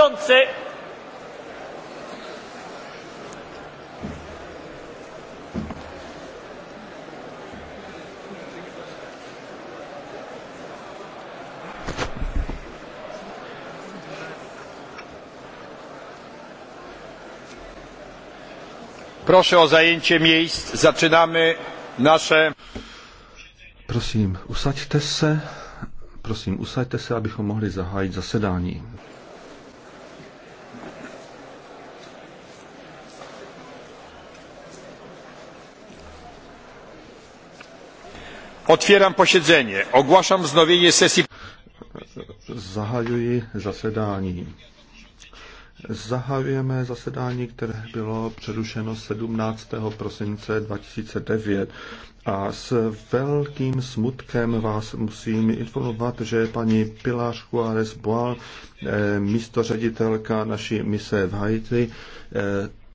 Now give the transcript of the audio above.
przewodniczący! Proszę o zajęcie miejsc. Zaczynamy nasze. Prosím, usaďte se. Prosím, usaďte se, abychom mohli zahájit zasedání. Otwieram posiedzenie. Ogłaszam wznowienie sesji. Zahajuji zasedání. Zahajujeme zasedání, které bylo přerušeno 17. prosince 2009. A s velkým smutkem vás musím informovat, že paní Pilar Juárez Boal, eh, místo ředitelka naší mise v Haiti, eh,